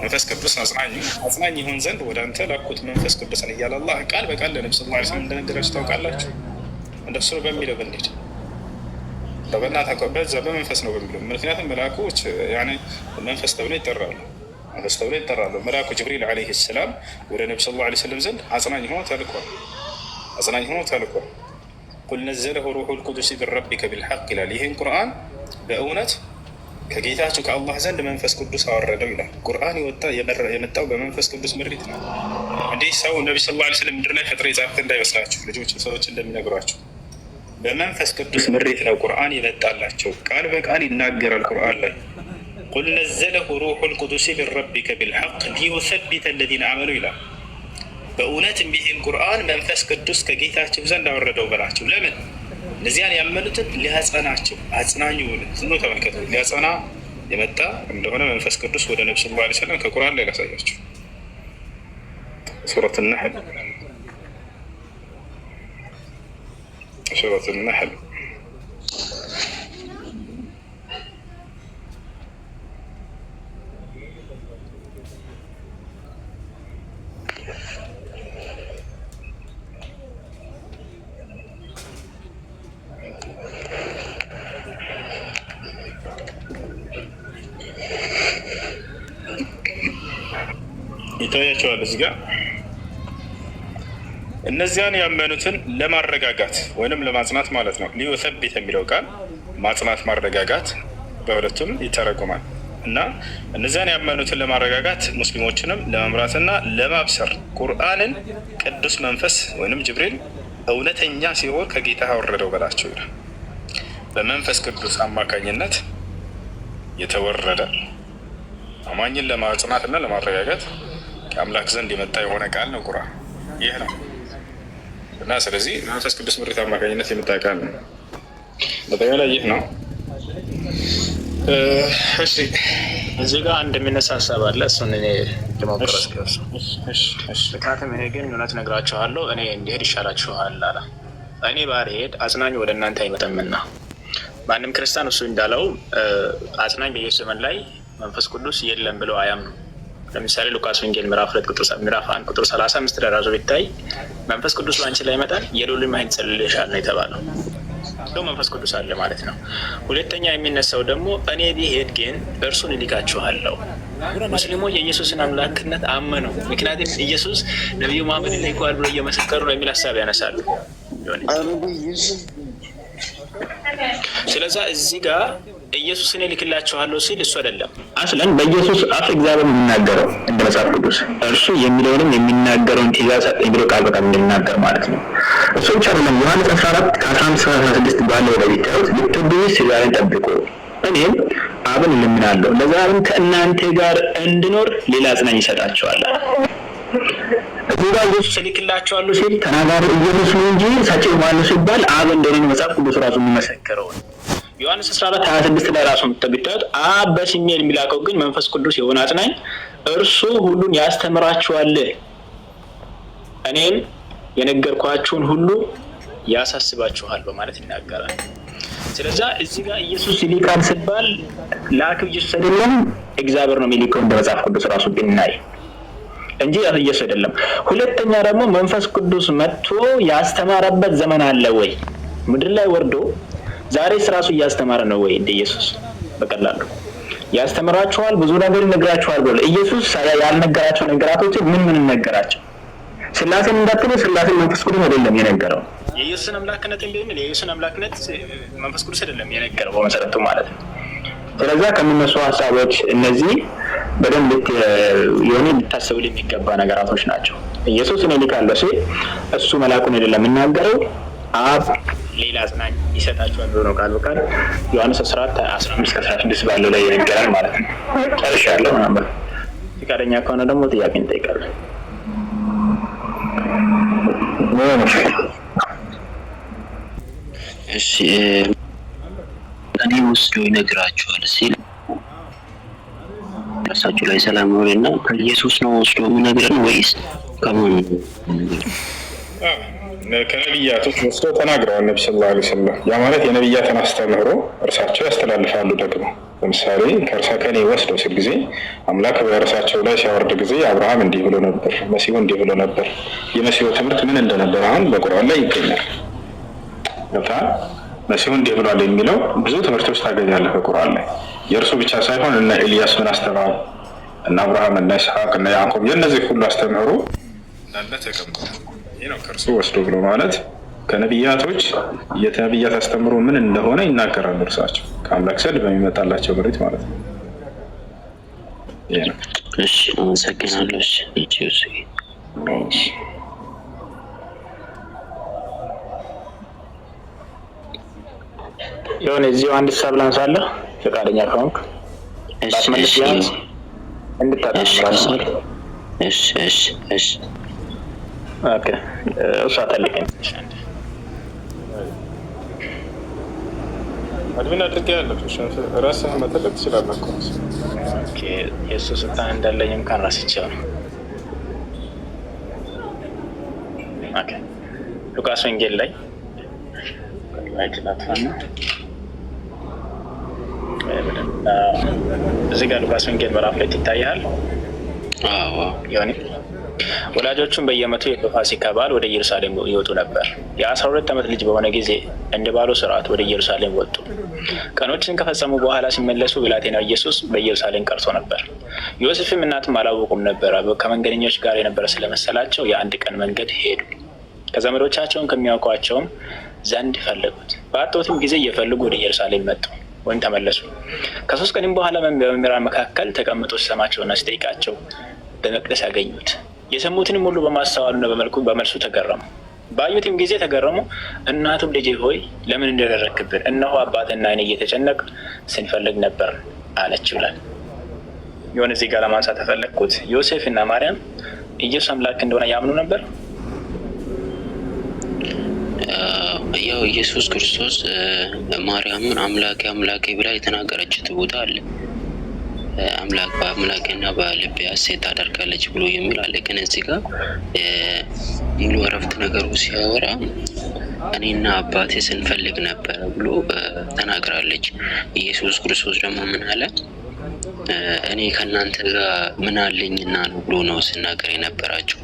መንፈስ ቅዱስ አጽናኝ አጽናኝ ይሆን ዘንድ ወደ አንተ ላኩት መንፈስ ቅዱስን እያለ አላህ ቃል በቃል ለነብዩ ሰለላሁ ዐለይሂ ወሰለም እንደነገራችሁ ታውቃላችሁ። እንደሱ ነው በሚለው ብንሄድ በበናት በዛ በመንፈስ ነው በሚለው ምክንያቱም መልአኮች መንፈስ ተብሎ ይጠራሉ። መንፈስ ተብሎ ይጠራሉ። መልአኩ ጅብሪል ዐለይሂ ሰላም ወደ ነብዩ ሰለላሁ ዐለይሂ ወሰለም ዘንድ አጽናኝ ሆኖ ተልኳል። አጽናኝ ሆኖ ተልኳል። ቁል ነዘለሁ ሩሑል ቁዱስ ቢን ረቢከ ቢልሐቅ ይላል። ይህን ቁርአን በእውነት ከጌታችሁ ከአላህ ዘንድ መንፈስ ቅዱስ አወረደው ይላል። ቁርአን የመጣው በመንፈስ ቅዱስ ምሪት ነው። እንዲህ ሰው ነቢ ስ ላ ስለም ምድር ላይ ፈጥሮ የጻፍት እንዳይመስላችሁ ልጆች ሰዎች እንደሚነግሯችሁ በመንፈስ ቅዱስ ምሪት ነው ቁርአን የመጣላቸው። ቃል በቃል ይናገራል ቁርአን ላይ ቁል ነዘለሁ ሩሑል ቁዱስ ሚን ረቢከ ቢልሐቅ ሊዩሰቢተ ለዚነ አመኑ ይላል። በእውነት እንዲህም ቁርአን መንፈስ ቅዱስ ከጌታችሁ ዘንድ አወረደው በላቸው። ለምን እነዚያን ያመኑትን ሊያጸናቸው አጽናኙ የሆነ ዝም ብሎ ተመልከቱ። ሊያጸና የመጣ እንደሆነ መንፈስ ቅዱስ ወደ ነብስ ላ ሰለም ከቁርአን ላይ ላሳያቸው ሱረት ነሕል ሱረት ነሕል ይታያቸዋል። እዚህ ጋር እነዚያን ያመኑትን ለማረጋጋት ወይንም ለማጽናት ማለት ነው። ሊዩሰቢት የሚለው ቃል ማጽናት፣ ማረጋጋት በሁለቱም ይተረጉማል እና እነዚያን ያመኑትን ለማረጋጋት ሙስሊሞችንም ለመምራትና ለማብሰር ቁርአንን ቅዱስ መንፈስ ወይንም ጅብሪል እውነተኛ ሲሆን ከጌታ ወረደው በላቸው ይላል። በመንፈስ ቅዱስ አማካኝነት የተወረደ አማኝን ለማጽናትና ለማረጋጋት አምላክ ዘንድ የመጣ የሆነ ቃል ነው ቁራ ይህ ነው እና ስለዚህ መንፈስ ቅዱስ ምሪት አማካኝነት የመጣ ቃል ነው። በጠቅላላ ይህ ነው። እሺ እዚህ ጋር አንድ የሚነሳ ሀሳብ አለ። እሱን እኔ ልሞክረስ ምክንያቱም ይሄ ግን እውነት ነግራችኋለሁ፣ እኔ እንዲሄድ ይሻላችኋል አለ። እኔ ባልሄድ አጽናኝ ወደ እናንተ አይመጣምና ማንም ክርስቲያን እሱ እንዳለው አጽናኝ በኢየሱስ ዘመን ላይ መንፈስ ቅዱስ የለም ብለው አያምኑ ለምሳሌ ሉቃስ ወንጌል ምዕራፍ ሁለት ቁጥር ምዕራፍ አንድ ቁጥር ሰላሳ አምስት ደራዞ ቢታይ መንፈስ ቅዱስ በአንቺ ላይ ይመጣል የልዑልም ኃይል ይጸልልሻል ነው የተባለው። ሰው መንፈስ ቅዱስ አለ ማለት ነው። ሁለተኛ የሚነሳው ደግሞ እኔ ቢሄድ ግን እርሱን እልካችኋለሁ። ሙስሊሞ የኢየሱስን አምላክነት አመኑ። ምክንያቱም ኢየሱስ ነቢዩ መሐመድ ይልከዋል ብሎ እየመሰከሩ ነው የሚል ሀሳብ ያነሳሉ። ስለዛ እዚህ ጋር እኔ እልክላችኋለሁ ሲል እሱ አይደለም አስለን በኢየሱስ አፍ እግዚአብሔር የሚናገረው እንደ መጽሐፍ ቅዱስ እርሱ የሚለውንም የሚናገረውን ትእዛዝ ሰጠኝ ብሎ ቃል በቃል እንደሚናገር ማለት ነው። እሱ ብቻ አይደለም። ዮሐንስ 14 ከ15 16 ባለው ላይ ቢታዩት ልትብይ ስጋን ጠብቁ እኔም አብን እለምናለሁ ለዛብን ከእናንተ ጋር እንድኖር ሌላ አጽናኝ ይሰጣቸዋል። እዚህ ጋር ኢየሱስ ሲል ተናጋሪ ኢየሱስ ነው እንጂ ሰጪ ማነው ሲባል አብ እንደሆነ መጽሐፍ ቅዱስ ራሱ የሚመሰክረውን ዮሐንስ 14 26 ላይ ራሱ የምታዩት አብ በስሜ የሚላከው ግን መንፈስ ቅዱስ የሆነ አጽናኝ እርሱ ሁሉን ያስተምራችኋል፣ እኔም የነገርኳችሁን ሁሉ ያሳስባችኋል በማለት ይናገራል። ስለዛ እዚህ ጋር ኢየሱስ ይልካል ስባል ላክ ኢየሱስ አይደለም፣ እግዚአብሔር ነው የሚልከው እንደ መጽሐፍ ቅዱስ ራሱ ብናይ እንጂ ኢየሱስ አይደለም። ሁለተኛ ደግሞ መንፈስ ቅዱስ መጥቶ ያስተማረበት ዘመን አለ ወይ ምድር ላይ ወርዶ ዛሬስ ራሱ እያስተማረ ነው ወይ? እንደ ኢየሱስ በቀላሉ ያስተምራችኋል፣ ብዙ ነገር ይነግራችኋል ብሎ ኢየሱስ ያልነገራቸው ነገራቶች ምን ምን ነገራቸው? ስላሴን እንዳትሉ ስላሴን መንፈስ ቅዱስ አይደለም የነገረው። የኢየሱስን አምላክነት እንደሚል የኢየሱስን አምላክነት መንፈስ ቅዱስ አይደለም የነገረው በመሰረቱ ማለት ነው። ስለዚያ ከሚነሱ ሀሳቦች እነዚህ በደንብ የሆነ ልታሰብ የሚገባ ነገራቶች ናቸው። ኢየሱስ እኔ እልካለሁ ሲል እሱ መልአኩን አይደለም የሚናገረው አብ ሌላ አጽናኝ ይሰጣቸዋል ብሎ ነው ቃል በቃል ዮሐንስ 14 15 16 ባለው ላይ ይነገራል ማለት ነው። ጨርሻለሁ ምናምን ፈቃደኛ ከሆነ ደግሞ ጥያቄ እንጠይቃለን። እሺ እኔ ወስዶ ይነግራቸዋል ሲል ራሳችሁ ላይ ሰላም ኖሬ እና ከኢየሱስ ነው ወስዶ የምነግረን ወይስ ከማን ነው? ከነቢያቶች ወስደው ተናግረዋል። ነቢ ስለ ላ ስለም ያ ማለት የነቢያትን አስተምህሮ እርሳቸው ያስተላልፋሉ። ደግሞ ለምሳሌ ከእርሳ ከኔ ወስዶ ሲል ጊዜ አምላክ በእርሳቸው ላይ ሲያወርድ ጊዜ አብርሃም እንዲህ ብሎ ነበር፣ መሲሁ እንዲህ ብሎ ነበር። የመሲሁ ትምህርት ምን እንደነበር አሁን በቁርአን ላይ ይገኛል። ታ መሲሁ እንዲህ ብሏል የሚለው ብዙ ውስጥ ታገኛለህ በቁርአን ላይ የእርሱ ብቻ ሳይሆን እነ ኤልያስ ምን አስተማሩ፣ እነ አብርሃም፣ እነ ይስሐቅ፣ እነ ያዕቆብ የእነዚህ ሁሉ አስተምህሮ እንዳለ ተቀምጧል። ከእርሱ ወስዶ ብሎ ማለት ከነቢያቶች የነቢያት አስተምሮ ምን እንደሆነ ይናገራሉ። እርሳቸው ከአምላክ ዘንድ በሚመጣላቸው መሬት ማለት ነው። እሺ፣ አመሰግናለሁ። የሆነ እዚሁ አንድ ሳብ ላንሳለ ፈቃደኛ ከሆንክ ላስመልስ ቢያንስ እሺ እሺ እሺ እሷ ታልቀኛለች። አድሚን አድርጌ ያለሁ ራስህ መጠለቅ ትችላለህ። የእሱ ስልጣን እንዳለኝም ካን ራስ ይችላል። ሉቃስ ወንጌል ላይ እዚህ ጋር ሉቃስ ወንጌል ምዕራፍ ላይ ትታያል ሆኔ ወላጆቹም በየመቱ የፋሲካ በዓል ወደ ኢየሩሳሌም ይወጡ ነበር። የአስራ ሁለት ዓመት ልጅ በሆነ ጊዜ እንደ ባሉ ስርዓት ወደ ኢየሩሳሌም ወጡ። ቀኖችን ከፈጸሙ በኋላ ሲመለሱ ብላቴናው ኢየሱስ በኢየሩሳሌም ቀርቶ ነበር። ዮሴፍም እናትም አላወቁም ነበረ። ከመንገደኞች ጋር የነበረ ስለመሰላቸው የአንድ ቀን መንገድ ሄዱ። ከዘመዶቻቸውን ከሚያውቋቸውም ዘንድ ፈለጉት። በአጦትም ጊዜ እየፈለጉ ወደ ኢየሩሳሌም መጡ ወይም ተመለሱ። ከሶስት ቀንም በኋላ በመምህራን መካከል ተቀምጦ ሲሰማቸውና ሲጠይቃቸው በመቅደስ ያገኙት። የሰሙትንም ሁሉ በማስተዋሉና በመልኩ በመልሱ ተገረሙ። ባዩትም ጊዜ ተገረሙ። እናቱም ልጅ ሆይ ለምን እንደደረክብን እነሆ አባትና እኔ እየተጨነቅ ስንፈልግ ነበር አለች ይላል። የሆነ እዚህ ጋር ለማንሳት ተፈለግኩት ዮሴፍ እና ማርያም ኢየሱስ አምላክ እንደሆነ ያምኑ ነበር። ያው ኢየሱስ ክርስቶስ ማርያምን አምላኬ አምላኬ ብላ የተናገረችት ቦታ አለ አምላክ በአምላክና በልቤ ሐሴት ታደርጋለች ብሎ የሚል አለ። ግን እዚህ ጋር ሙሉ እረፍት ነገሩ ሲያወራ እኔና አባቴ ስንፈልግ ነበረ ብሎ ተናግራለች። ኢየሱስ ክርስቶስ ደግሞ ምን አለ? እኔ ከእናንተ ጋር ምን አለኝና ነው ብሎ ነው ስናገር የነበራቸው።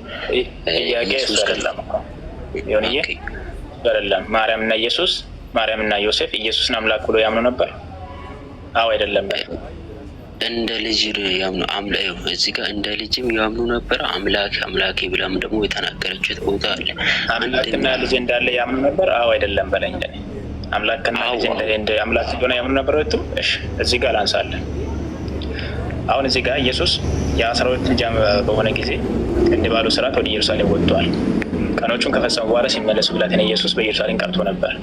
አይደለም ማርያም ኢየሱስ ማርያም ዮሴፍ ኢየሱስን አምላክ ብሎ ያምኑ ነበር? አዎ አይደለም። እንደ ልጅ ያምኑ አምላ እዚህ ጋር እንደ ልጅም ያምኑ ነበር። አምላክ አምላኬ ብላም ደግሞ የተናገረችት ቦታ አለ። አምላክና ልጅ እንዳለ ያምኑ ነበር። አዎ አይደለም በለኝ አምላክና ልጅ አምላክ እንደሆነ ያምኑ ነበር። ወቱ እሺ፣ እዚህ ጋር ላንሳለን። አሁን እዚህ ጋር ኢየሱስ የአስራ ሁለት ልጅ በሆነ ጊዜ እንዲህ ባሉ ስርዓት ወደ ኢየሩሳሌም ወጥቷል። ቀኖቹን ከፈጸሙ በኋላ ሲመለሱ ብላቴና ኢየሱስ በኢየሩሳሌም ቀርቶ ነበር።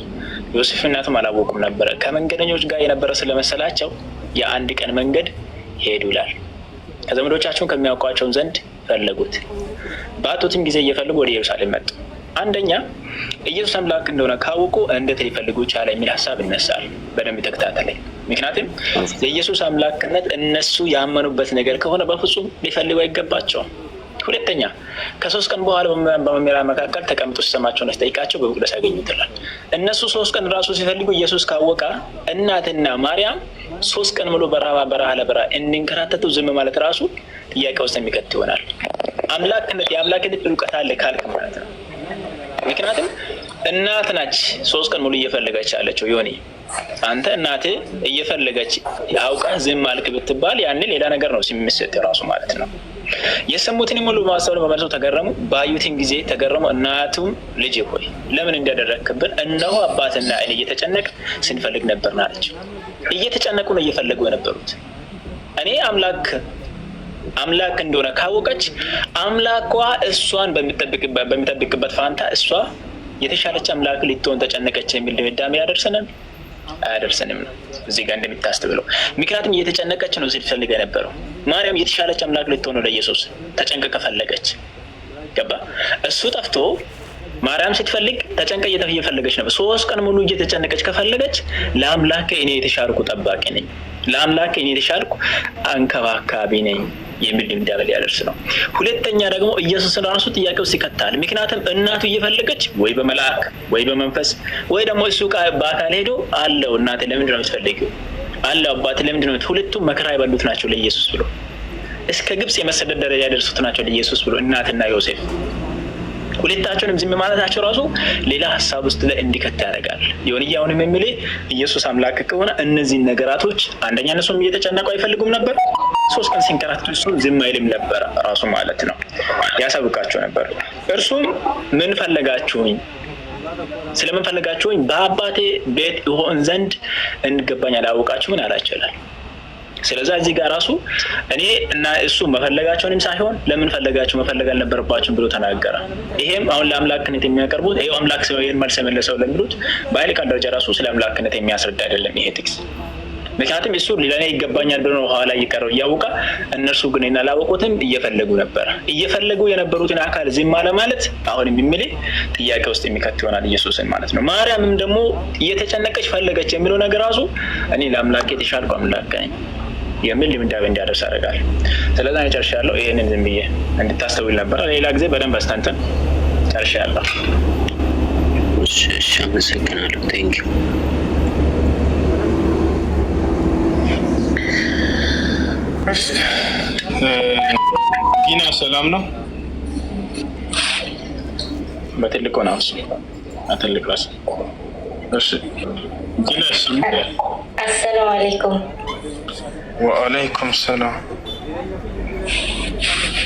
ዮሴፍ እናቱም አላወቁም ነበረ ከመንገደኞች ጋር የነበረ ስለመሰላቸው የአንድ ቀን መንገድ ሄዱ ይላል። ከዘመዶቻቸውን ከሚያውቋቸውን ዘንድ ፈለጉት። በአጡትም ጊዜ እየፈለጉ ወደ ኢየሩሳሌም መጡ። አንደኛ ኢየሱስ አምላክ እንደሆነ ካወቁ እንዴት ሊፈልጉ ቻለ የሚል ሀሳብ ይነሳል። በደንብ ተከታተለኝ። ምክንያቱም የኢየሱስ አምላክነት እነሱ ያመኑበት ነገር ከሆነ በፍጹም ሊፈልጉ አይገባቸውም። ሁለተኛ ከሶስት ቀን በኋላ በመምህራን መካከል ተቀምጦ ሲሰማቸውን አስጠይቃቸው በመቅደስ ያገኙትላል። እነሱ ሶስት ቀን ራሱ ሲፈልጉ ኢየሱስ ካወቀ እናትና ማርያም ሶስት ቀን ምሎ በረሃ በረሃ ለበረሃ እንንከራተተው ዝም ማለት ራሱ ጥያቄ ውስጥ የሚቀጥ ይሆናል። አምላክነት የአምላክነት እውቀት አለ ካልክ ማለት ነው። ምክንያቱም እናት ናች ሶስት ቀን ሙሉ እየፈለገች አለችው ዮኒ፣ አንተ እናት እየፈለገች አውቃ ዝም አልክ ብትባል ያንን ሌላ ነገር ነው ሲሚሰጥ ራሱ ማለት ነው። የሰሙትን ሙሉ በማስተዋል በመልሰው ተገረሙ፣ ባዩትን ጊዜ ተገረሙ። እናቱም ልጅ ሆይ ለምን እንዳደረግክብን እነሆ አባትና አይን እየተጨነቅ ስንፈልግ ነበር አለችው። እየተጨነቁ ነው እየፈለጉ የነበሩት እኔ አምላክ አምላክ እንደሆነ ካወቀች አምላኳ እሷን በሚጠብቅበት ፋንታ እሷ የተሻለች አምላክ ልትሆን ተጨነቀች የሚል ድምዳሜ ያደርሰናል አያደርሰንም ነው እዚህ ጋር እንደሚታስብለው። ምክንያቱም እየተጨነቀች ነው ሲፈልግ የነበረው ማርያም የተሻለች አምላክ ልትሆን ኢየሱስ ተጨንቀ ከፈለገች ገባ እሱ ጠፍቶ ማርያም ስትፈልግ ተጨንቀ እየፈለገች ነበር። ሶስት ቀን ሙሉ እየተጨነቀች ከፈለገች ለአምላክ እኔ የተሻልኩ ጠባቂ ነኝ፣ ለአምላክ እኔ የተሻልኩ አንከባካቢ ነኝ የሚል ድምዳሜ ሊያደርስ ነው። ሁለተኛ ደግሞ ኢየሱስን ራሱ ጥያቄ ውስጥ ይከታል። ምክንያቱም እናቱ እየፈለገች ወይ በመልአክ ወይ በመንፈስ ወይ ደግሞ እሱ በአካል ሄዶ አለው እናቴ ለምንድን ነው የምትፈልጊው አለው አባት ለምንድን ነው ሁለቱም መከራ የበሉት ናቸው ለኢየሱስ ብሎ እስከ ግብፅ የመሰደድ ደረጃ ያደርሱት ናቸው ለኢየሱስ ብሎ እናትና ዮሴፍ ሁለታቸውንም ዝም ማለታቸው ራሱ ሌላ ሀሳብ ውስጥ ላይ እንዲከት ያደርጋል። ይሁንዬ አሁንም ኢየሱስ አምላክ ከሆነ እነዚህን ነገራቶች አንደኛ እነሱም እየተጨነቁ አይፈልጉም ነበር። ሶስት ቀን ሲንከራት እሱ ዝም አይልም ነበር ራሱ ማለት ነው። ያሳብቃቸው ነበር። እርሱም ምን ፈለጋችሁኝ ስለምንፈልጋችሁኝ በአባቴ ቤት ይሆን ዘንድ እንገባኝ አውቃችሁን አላቸላል። ስለዚ እዚህ ጋር ራሱ እኔ እና እሱ መፈለጋቸውንም ሳይሆን ለምን ፈለጋቸው መፈለግ አልነበረባቸውም ብሎ ተናገረ። ይሄም አሁን ለአምላክነት የሚያቀርቡት ይኸው አምላክ ይህን መልስ የመለሰው ለሚሉት በኃይል ቃል ደረጃ ራሱ ስለ አምላክነት የሚያስረዳ አይደለም ይሄ ጥቅስ። ምክንያቱም እሱ ለእኔ ይገባኛል ብሎ ነው ኋላ እየቀረው እያወቀ፣ እነርሱ ግን ያላወቁትን እየፈለጉ ነበር። እየፈለጉ የነበሩትን አካል ዝም አለ ማለት አሁንም የሚል ጥያቄ ውስጥ የሚከት ይሆናል ኢየሱስን ማለት ነው። ማርያምም ደግሞ እየተጨነቀች ፈለገች የሚለው ነገር ራሱ እኔ ለአምላክ የተሻልኩ አምላክ ነኝ የሚል ድምዳቤ እንዲያደርስ ያደርጋል። ስለዛ ጨርሻ ያለው ይህንን ዝም ብዬ እንድታስተውል ነበር። ሌላ ጊዜ በደንብ አስተንትን ጨርሻ ያለው። እሺ፣ አመሰግናለሁ። ቴንኪው ጊና ሰላም ነው። በትልቅ ሆና ስ ትልቅ ራስ እሺ። ጊና አሰላሙ አለይኩም። ወአለይኩም ሰላም።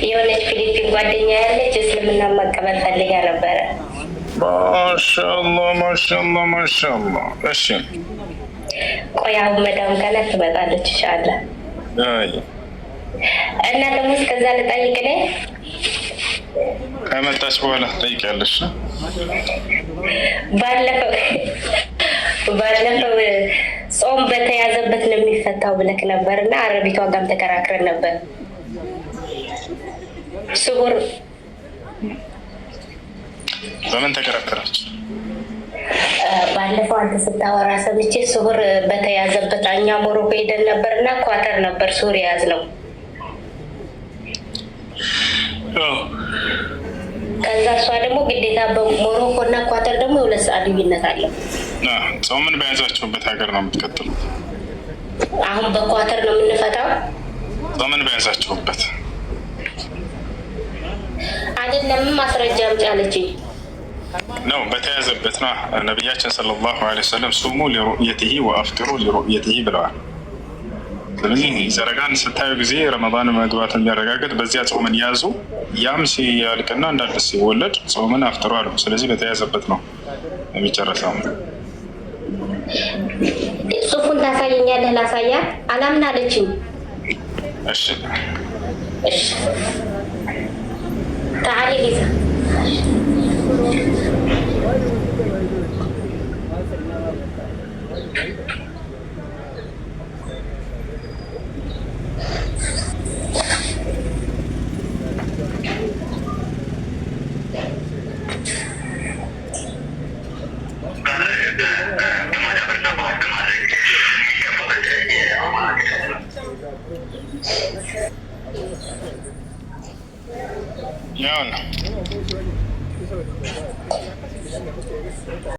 የሆነች ፊሊፒን ጓደኛ ያለች እስልምና መቀበል ፈልጋ ነበረ። ማሻላ ማሻላ ማሻላ። እሺ ቆይ አሁን መዳም ቀናት ትመጣለች። ይሻላል እና ደግሞ እስከዛ ልጠይቅ ላይ ከመጣች በኋላ ትጠይቂያለሽ። ባለፈው ባለፈው ጾም በተያዘበት ነው የሚፈታው ብለክ ነበር እና አረቢቷ ጋርም ተከራክረን ነበር። ስውር በምን ተከራከራችሁ? ባለፈው አንተ ስታወራ ሰምቼ ስሁር በተያዘበት እኛ ሞሮኮ ሄደን ነበር እና ኳተር ነበር ስሁር የያዝ ነው። ከዛ እሷ ደግሞ ግዴታ በሞሮኮ እና ኳተር ደግሞ የሁለት ሰዓት ልዩነት አለው። ምን በያዛችሁበት ሀገር ነው የምትቀጥሉት። አሁን በኳተር ነው የምንፈታው። ምን በያዛችሁበት አይደለም። ማስረጃ አምጪ አለችኝ። ነው በተያዘበት ነው። ነቢያችን ሰለላሁ ዐለይሂ ወሰለም ሱሙ ሊሩእየትሂ ወአፍጥሩ ሊሩእየትሂ ብለዋል። ስለዚህ ዘረጋን ስታዩ ጊዜ ረመዳን መግባት የሚያረጋግጥ በዚያ ጾምን ያዙ፣ ያም ሲያልቅና እንዳንድ ሲወለድ ጾምን አፍጥሩ አሉ። ስለዚህ በተያዘበት ነው የሚጨረሰው። ሱፉን ታሳየኛለህ? ላሳያት አላምን አለችኝ። እሺ እሺ